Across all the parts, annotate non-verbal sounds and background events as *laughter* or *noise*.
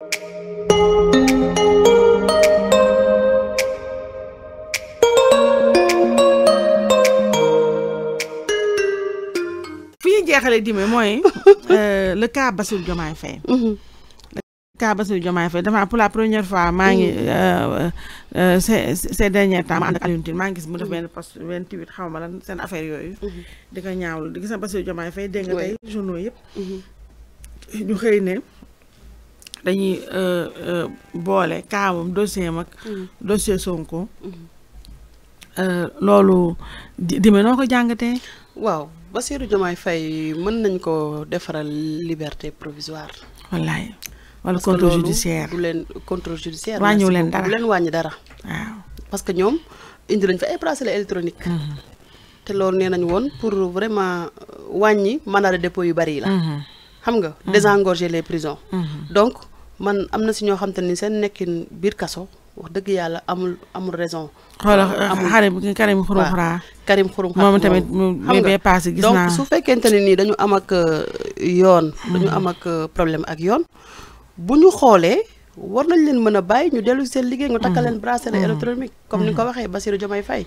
fi ñu jeexale dime mooy *laughs* euh, le cas Bassirou Diomaye Faye mhm. le cas Bassirou Diomaye Faye dafa pour la première fois maa ngi mhm. euh, euh, ces ces derniers temps ma ànd ak Alioune Tine maa ngi gis mu def benn post benn tweet xaw ma lan seen affaire yooyu mhm. di ko ñaawlu di gis na Bassirou Diomaye Faye dégg nga tey journaux yëpp ñu xëy ne dañuy euh, euh, boole kaawam dossier mag mm. dossier Sonko mm-hmm. euh, loolu dime noo ko jàngatee waaw Bassirou Diomaye Faye mën nañ ko defaral liberté provisoire wallaay wala contrôle judiciaire du leen contrôle judiciaire wàññiwu leen dara du wàññi dara waaw parce que ñoom indi nañ fa ay bracelet électronique mm-hmm. te loolu nee nañ woon pour vraiment wàññi mandat de dépôt yu bari la mm-hmm. xam nga mhm. désengorger les prisons mhm. donc man am na si ñoo xam te ni seen nekkin biir kaso wax dëgg yàlla amul amul raison xoolal euh, euh, xarim Karim Xurum Xax Karim Xurum Xax moom tamit mu bee passé gis naa donc su fekkente ne nii dañu am ak euh, yoon mhm. dañu am ak problème ak yoon bu ñu xoolee war nañ leen mën a bàyyi ñu dellu seen liggéey nga takka leen bracelet électronique comme ni nga ko waxee Bassirou Diomaye Faye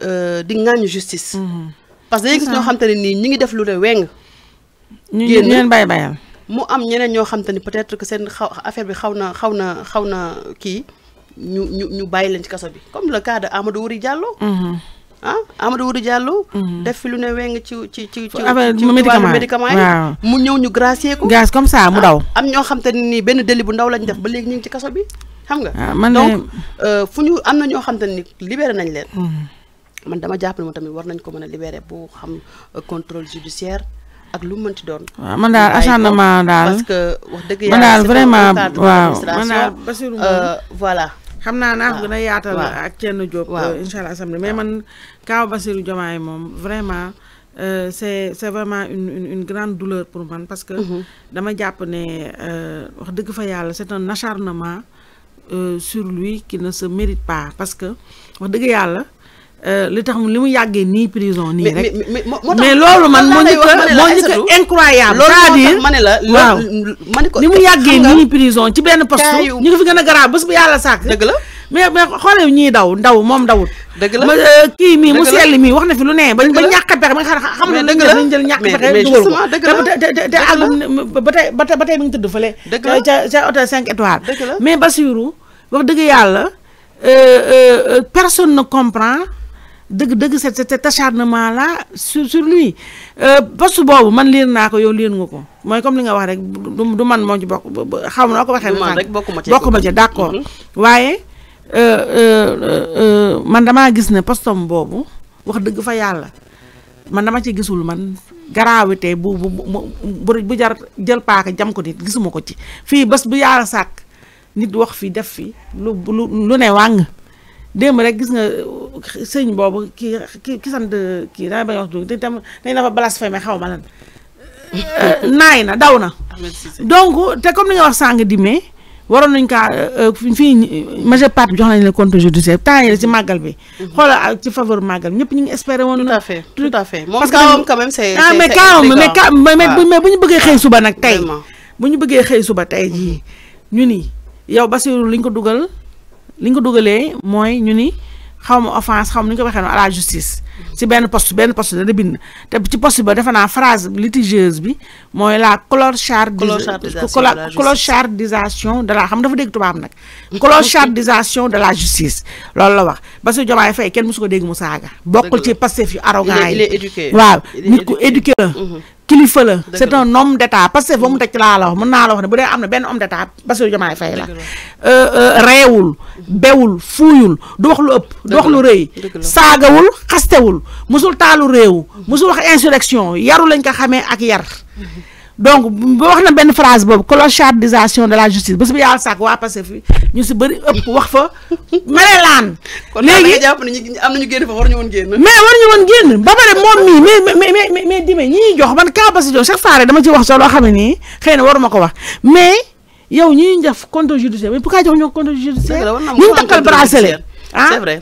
Euh, di ŋàññu justice. Mhm. parce que dañuy gis ñoo xam ne nii ñu ngi def lu ne weng. ñu ñu leen bay bayal. mu am ñeneen ñoo xam te peut-être que seen xaw affaire bi xaw na xaw na xaw na kii ñu ñu ñu bàyyi leen ci kaso bi comme le cas de Amadou Wuri Diallo. Mhm. ah Amadou Wuri Diallo. Mhm. def fi lu ne weng ci ci ci ci. wàllu médicament yi mu ñëw ñu gracier ko. grâce comme ça mu ah, daw. am ñoo xam ne nii benn délit bu ndaw lañ def ba léegi ñu ngi ci kaso bi. xam nga ah, donc euh, fu ñu am na ñoo xam te ni libéré nañ leen. man dama jàpp ne moom tamit war nañ ko mën a libéré bu xam contrôle judiciaire ak lu mu mënti doon. waaw ah, man daal acharnement daal wax dëgg yàlla. vraiment waaw man daal euh, voilà. xam naa naa ko a ak Thierno Diop. Euh, mais man kaaw Bassirou Diomaye moom vraiment. Euh, c'est c'est vraiment une une une grande douleur pour man parce que mhm. dama jàpp ne wax dëgg fa yàlla c'est un acharnement sur parce que wax dëgg yàlla Euh, li tax li mu yàggee nii prison nii rek. mais loolu man moo ñu ko moo ñu ko incroyable. c'est-à-dire waaw li mu yàggee nii prison ci benn poste. ñu ngi fi gën a garaaw bés bu yàlla sàkk. dëgg la mais mais xoolee ñuy daw ndaw moom dawut. dëgg la euh, kii mii mu sell mii wax na fi lu nee ba ñàkk a pexe ba nga xam ne nañ jël nañ ñàkk a pexe dugal ko te te te àggum ba tey ba tey ba ngi tëdd fële. dëgg euh, la ca ca hôtel 5 mais Bassirou wax dëgg yàlla personne comprend dëgg-dëgg cet cet acharnement la sur sur lui euh, poste bobu man lire nako ko yow lire ngoko moy comme li nga wax rek du man mo ci bok xaw ma ko waxe man rek bokuma ci bokuma ci d' mm-hmm. euh, euh euh man dama gis ne postom bobu wax deug fa yalla man dama ci gisul man grawité bu bu bu bu jar jël paaka jam ko nit gisuma ko ci fi bés bu yalla sak nit wax fi def fi lu lu ne wang démb rek gis nga sëñ boobu kii ki ki sant kii daa bañ wax dugg te tam dañ dafa blasphémé xaw ma lan euh, naay na daw na donc te comme ni nga wax sàng dimee waroon nañ kaa euh, fii majeure partie jox nañ la compte judiciaire temps yii ci màggal bi. Mhm. xoolal ci faveur màggal ñëpp ñu ngi woon. tout à fait tout à fait moom kaawam quand même c'est ah, bu ñu bëggee xëy suba nag tey bu ñu bëggee xëy suba tey jii ñu ni yow ba Bassirou liñ ko dugal. li ko dugalee mooy ñu ni xaw ma offense xaw ma ko waxee noonu à la justice si benn post benn post dana bind te ci poste ba defe naa phrase litigieuse bi mooy la clochardisation de la xam dafa dégg tubaab nag clochardisation de la justice loolu la wax Bassirou Diomaye Faye kenn mosu ko dégg mu saaga bokkul ci Pastef yu arrogant yi waaw nit ku éduqué kilifa la c'est un homme d'état parce que fa mu teg laa la wax mën naa la wax ne bu dee am na benn homme d'état Bassirou Diomaye Faye la euh, euh, reewul bewul fuuyul du wax lu ëpp du wax lu rëy saagawul xastewul musul taalu réew musul wax insurrection yaru lañ ko xamee ak yar donc wax na benn phrase boobu clochardisation de la justice bés bu yàlla sàkk waa passé fi ñu si bëri ëpp wax fa merelaan. *laughs* léegi kon jàpp war ñu woon génn. ba pare moom mii mais mais mais mais dime ñi ñuy kaa ba si jox chaque dama ci wax soo loo xam ne nii xëy na waruma ko wax mais yow ñi ñuy def compte judiciaire mais pourquoi jox ñu ko compte judiciaire. ñu ngi takkal bracelet ah, c'est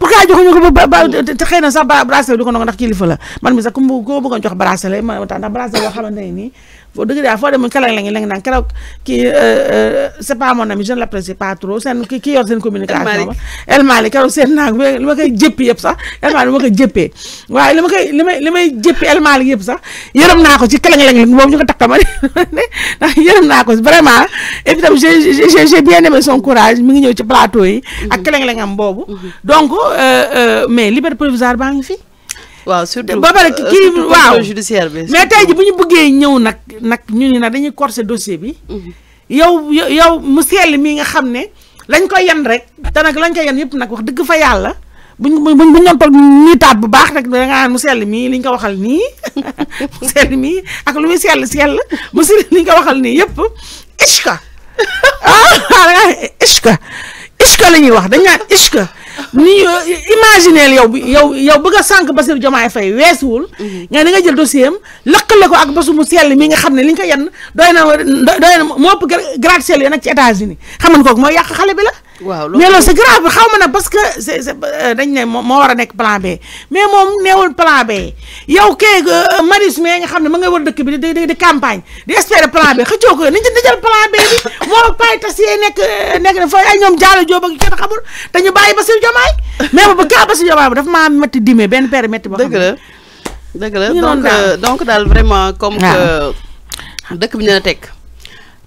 ba ba te xëy na sax bracelet kilifa la man mi sax ku ma ko bëggoon jox bracelet ma tax ndax bracelet boo xamante nii foo dëgg daal foo demee kalang la ngi la ngi naan keroog kii euh, euh, c'est pas mon ami je ne l'apprécie pas trop seen ki ki yor seen communication ba El Malick keroog seen naag li ma koy yëpp sax El li ma koy jëppee waaye may li may jëppi El Malick yëpp sax yërëm naa ko ci kalang-lang la boobu ñu ko takka ma *laughs* ne ndax yërëm naa ko vraiment et puis bien aimé son courage mi ngi ñëw ci plateau yi ak kalang am boobu mm-hmm. donc euh, mais liberté provisoire baa ngi fi waaw surtout ba pare kii waaw judiciaire bi mais tey ji bu ñu bëggee ñëw nag nag ñu ni nag dañuy corser dossier bi mhm. yow yow mu sell mi nga xam ne lañ koy yan rek te nag lañ koy yan yëpp nag wax dëgg fa yàlla buñ buñ buñ doon toog nii taat bu baax nag da ngaa mu sell mii li ko waxal nii *laughs* mu sell mii ak lu muy sell sell mu sell li ñu ko waxal nii yëpp ishka *laughs* ah ishka ishka la ñuy wax dañ naan ishka ni imagineel yow yow yow bëgg sank sànq Bassirou Diomaye Faye weesuwul mhm. nga nga jël dossier am lëkkale ko ak basu mu sel mi nga xamne ne li nga ko yenn doyna doyna mo gratte ci États-Unis xam nga kooku mooy bi la waaw loolu mais loolu c'est xaw ma nag parce que euh, dañ ne moo war a nekk plan B mais moom neewul plan B yow kee euh, euh, Marius mais nga xam ne ma ngay war dëkk bi di di di campagne di espérer plan B bi *laughs* moo pay tas yee nekk nekk dafa ay ñoom jaalo joob ak kenn xamul te ñu bàyyi Bassirou Diomaye *laughs* mais ba kaa Bassirou Diomaye bi dafa maa métti dimee benn paire métti boo xam ne dëgg la donc daal vraiment comme ah. que dëkk bi ñu la teg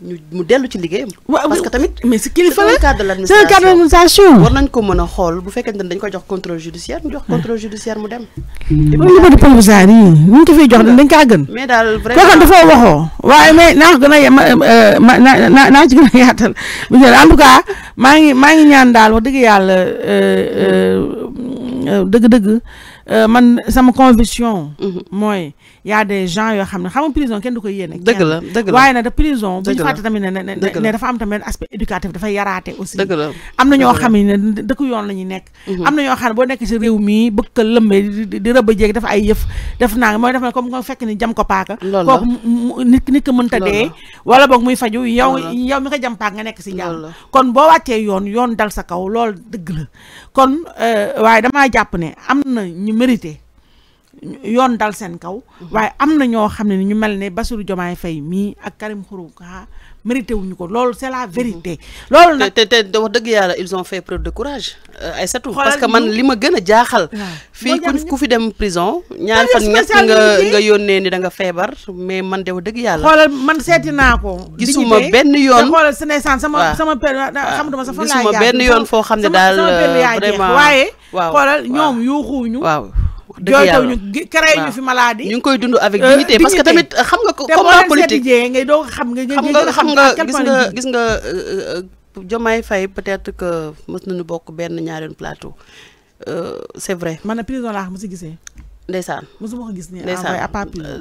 ñu mu dellu ci liggéeyam. parce que tamit. mais si kilifa la cadre de l'administration war nañ ko mën a xool bu fekkente ne dañ koy jox contrôle judiciaire mu jox contrôle judiciaire mu dem. loolu la provisoire yi ñu ko fay jox dañ kaa gën. mais daal vraiment kooku dafa waxoo. waaye mais naa ko gën a ma naa naa ci gën a yaatal. bu en tout cas maa ngi maa ngi ñaan daal wax dëgg yàlla euh, euh, euh, dëgg-dëgg man sama conviction. Mhm. mooy. yaa a des gens yoo xam ne xam nga prison kenn du ko yéene. dëgg la la waaye nag de prison. bu ñu fàtte tamit ne ne dafa am tamit aspect éducatif dafay yaraate aussi. am na ñoo xam ne dëkk yoon la ñuy nekk. Mhm. am na ñoo xam ne boo nekk si réew mi bëgg ko lëmbee dafa ay yëf def naa mooy def na comme nga fekk ni jam ko paaka. loolu kooku nit nit ko mënta dee. wala boog muy faju yow yow mi ko jam paaka nga nekk si jàmm. kon boo wàccee yoon yoon dal sa kaw lool dëgg la kon euh, waaye damaa jàpp ne am na ñu mérité yoon dal seen kaw mhm. waaye am na ñoo xam ne ni ñu mel ne Bassirou Diomaye Faye mii ak Karim Khouroukha mérité ko loolu c'est la vérité mhm. loolu nag te te wax dëgg yàlla ils ont fait preuve de courage euh, ay satu parce que man li ma gën a jaaxal ah. fii ku ku fi dem prison ñaar fan ñett nga nga yónnee ni da nga feebar mais man de wax dëgg yàlla xoolal man seeti naa ko gisuma benn yoon xoolal senessan sama sama per xamatuma sa fan laa gisuma benn yoon foo xam ne daal euh, vraiment waaye xoolal ñoom yuuxuñu waaw jooytoo ñu créé ñu fi maladie ñu ngi koy dund avec euh, dignité parce que tamit euh, xam nga combat politique ngay doo xam nga xam nga xam nga gis nga gis euh, nga Diomaye Faye peut-être que mës nañu bokk benn ñaareen plateau c'est vrai man na prison laa si gisee ndeysaan mësuma ko gis ne ndeysaan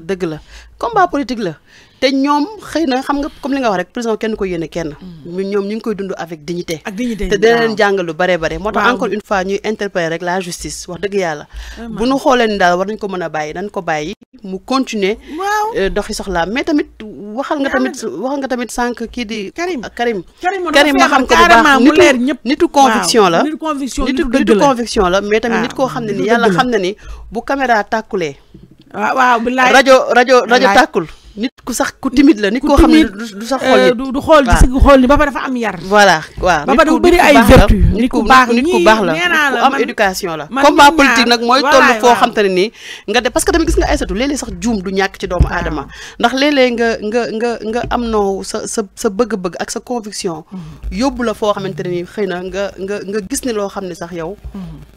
dëgg la combat politique la te ñoom xëy na xam nga comme li nga wax rek prison kenn ko yéene kenn. Mm. ñoom ñu ngi koy dund avec dignité. te dina leen jàngal lu bare bare. moo tax encore une fois ñuy interpeller rek la justice wax dëgg yàlla. bu nu xoolee ni daal war nañ ko mën a bàyyi dañ ko bàyyi mu continuer. waaw euh, doxi soxla mais tamit waxal nga tamit waxal nga tamit sànq kii di. Karim Karim Karim ma xam ko bu baax nitu nitu conviction la. nitu conviction nitu nitu conviction la mais tamit nit ah. ko xam ne ni yàlla xam na ni bu caméra tàkkulee. waaw waaw rajo rajo rajo tàkkul nit ku sax ku timide la nit ko xamni du sax xol nit euh, du xol ci sax xol ni ba pare dafa am yar. voilà waaw ba ba du bëri ay vertu nit ku bax nit ku bax la ku am éducation la. combat politique nak moy tollu fo xam te ne nga def parce que tamit gis nga Aïssatou léeg-léeg sax juum du ñak ci doomu adama ndax léeg nga nga nga nga am no sa sa bëgg-bëgg ak sa conviction mhm. yobula fo xamanteni xeyna nga nga gis ni lo xamni sax yow mhm.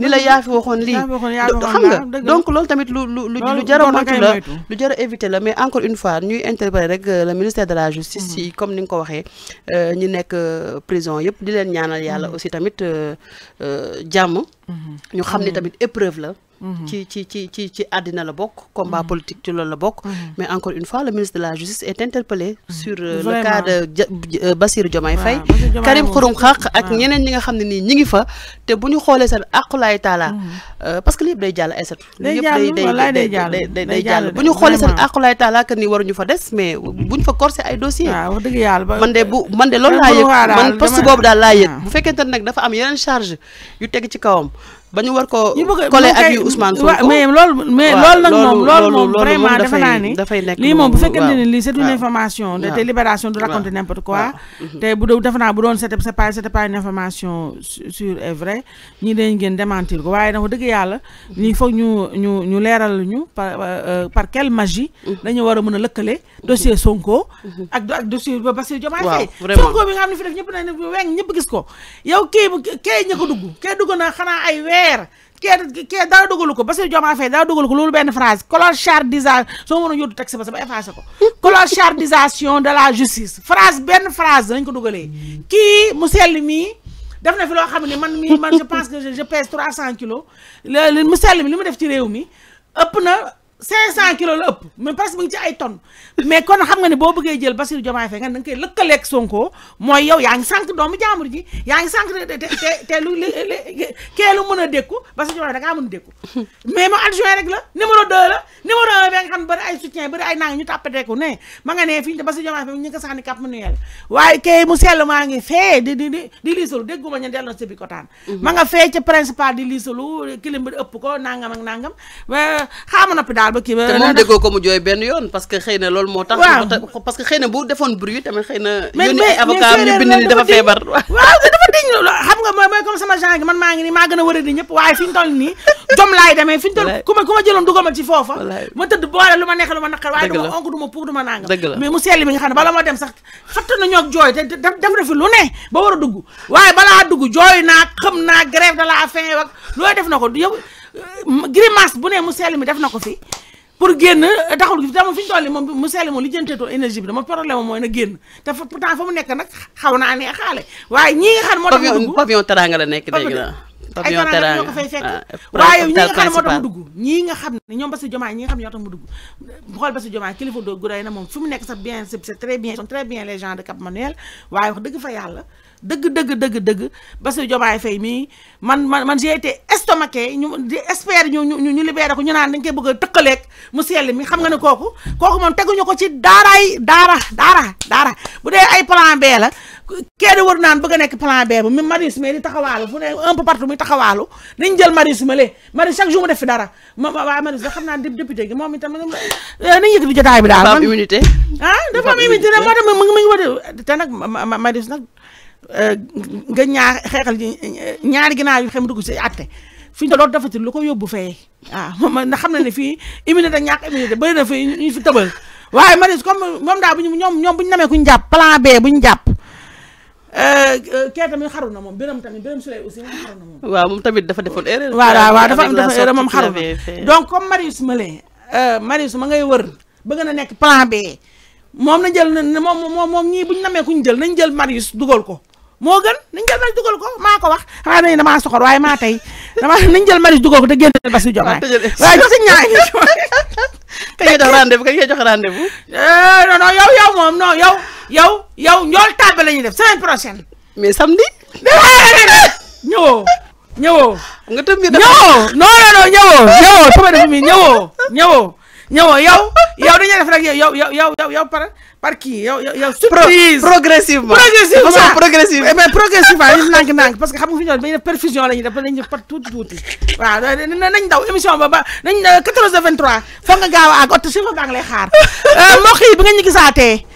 ni la yaa waxone li xam nga donc loolu tamit lu lu lu jar la lu jar éviter la mais encore une fois ñuy interpréter rek euh, le ministère de la justice si mm-hmm. comme ni nga ko waxé euh, ñi nek euh, prison yépp di len ñaanal yalla mm-hmm. aussi tamit jamm mm-hmm. ñu xamni tamit épreuve la qui mm-hmm. a ci le combat mm-hmm. politique de mm-hmm. mais encore une fois le ministre de la justice est interpellé sur euh, le cas de euh, Basir Diomaye Faye Karim Khouroum Xaq ak ñeneen ñi nga ont ne ñi ngi fa te bu euh, parce que day day day day pas Ils taala mais buñ fa ay dossier de man de yëg man yëg ah. charge ba ñu war ko collé ak yu Ousmane Sonko mais loolu mais loolu nag moom loolu moom vraiment dafa naa ni lii moom bu fekkente ne lii c'est une information de libération de raconter n'importe mhm. ko waaye nag dëgg yàlla ñii foog ñu ñu leeral ñu par euh, euh, quelle magie dañu mhm. war a mën a lëkkale dossier Sonko mhm. ak ak ba Bassirou Diomaye Faye Sonko bi nga xam ne fi def ñëpp na weng ñëpp gis ko yow kii kii ña dugg kii dugg na xanaa ay frère kee er, kee er dara dugalu ko Bassirou Diomaye Faye dara dugalu ko loolu benn phrase clochardisation soo mënoon yóbbu taxi ba sama effacé ko clochardisation de la justice phrase benn phrase dañ ko dugalee kii mu sell mii def na fi loo xam ne man mii man je pense que je pèse trois cent kilos mu sell mi li mu def ci réew mi ëpp na 500 kilo la ëpp mais presque mu ngi ci ay tonne mais kon xam nga ni bo beugé jël basir Diomaye Faye nga dang nga koy ak Sonko moy yow yaangi sank doomu jaamur ji yaangi sank té te te lu kee lu mën a dékku Bassirou Diomaye da nga mëna a dékku mais ma adjoint rek la numéro 2 la numéro 1 bi nga xam bari ay soutien bari ay nang ñu tapé ko né ma nga né fiñ ñu Bassirou Diomaye Faye ñu ngi ko sànni Cap Manuel waye ké mu sel ma nga fé di di di di liisalu dégguma ñu delloo ci bi kotaan ma nga fé ci principal di liisalu kilim bi ëpp ko nangam ak nangam xaama noppi daal ba kii ba. te moom déggoo ko mu jooy benn yoon parce que xëy na loolu moo tax. parce que xëy na bu defoon bruit tamit xëy na. mais mais avocat ñu bind ni dafa feebar. waaw dafa diñ xam nga mooy mooy comme sama genre gi man maa ngi a wërënd ñëpp waaye fi ñu *laughs* ma ku lu ma naqar. waaye du ma onk du ma puuk du ma nangam. mais mu sell mi nga xam ne bala ma dem sax xatt nañoo ak jooy te def lu ne ba war a dugg waaye balaa dugg jooy naa xam naa grève de la faim def na ko yow euh, grimace bu ne mu sell mi def na ko fi pour génn eh, taxul gi dama fi ñu toll moom mu seeli moom li jënteetoo énergie bi dama problème mooy na génn te pourtant fa mu nekk nag xaw naa ne xaale waaye ñii nga xam moo tax. mu dugg pavillon pavillon teranga la nekk dégg naa ay ganaan ñoo ko fay fekk ah, waaye ñi nga xam ne moo tax mu ñii nga xam ñoom Bassirou Diomaye ñi nga xam ne mu xool Bassirou Diomaye kilifa doo guray na moom fi mu nekk sax bien c'est très bien ils sont très bien les gens de Cap Manuel waaye wax dëgg fa yàlla dëgg dëgg dëgg dëgg Bassirou Diomaye Faye mii man man man j'ai été estomaqué ñu di espère ñu ñu ñu libéré ko ñu naan dañ koy bëgg a tëkkaleeg mu sell mi xam nga ne kooku kooku moom teguñu ko ci daaraay daara daara daara bu dee ay plan B la kenn war naan bëgg a nekk plan B bu mi Marius mais di taxawaalu fu ne un peu partout muy taxawaalu nañ jël Marius ma lee Marius chaque jour mu def fi dara waaye Marius da xam gi moom itam euh, nañ yëg di jotaay bi daal dafa am immunité ah dafa am immunité nag moo euh, fi ñu doon defatil lu ko yóbbu fee ah man na xam na ne fii immunité ñàkk comme moom daal bu ñu ñoom ñoom bu ñu namee ku ñu jàpp plan B Euh, euh, kee tamit xaru na moom biram tamit biram Souleye aussi moom xaru na moom. waaw moom tamit dafa defoon erreur. waaw waaw dafa defoon erreur moom xaru na donc comme Marius Malé euh, Marius ma ngay wër bëgg na nekk plan B moom na jël na moom moom moom ñii bu ñu namee ku ñu jël nañ jël Marius dugal ko. mo gën nañ jël Maris dugal ko mako wax xanaa ne damaa soxor waye ma tay dama nañ jël Maris dugal ko te génnal Bassirou Diomaye waaye jox suñ ñaay kay yo jox rendez-vous kay yo jox rendez-vous eh, non non yow yow mom non yow yow yow ñol tàbbe lañu def semaine prochaine mais samedi ñëwoo ñëwoo nga tëb nga non non non ñëwoo sama def mi ñëwoo ñëwoo ñëwoo yow yow dañuy def rek yow yow yow yow par par kii yow yow. surprise progressivement progressivement façon progressivement. Eh, mais progressivement ñu nang nang par tuuti tuuti nañ daw émission ba ba nañ 14 euh, 23 foog nga gaaw a àgg si foog nga lay xaar *laughs* euh, mbokk yi bi nga ñu gisaatee.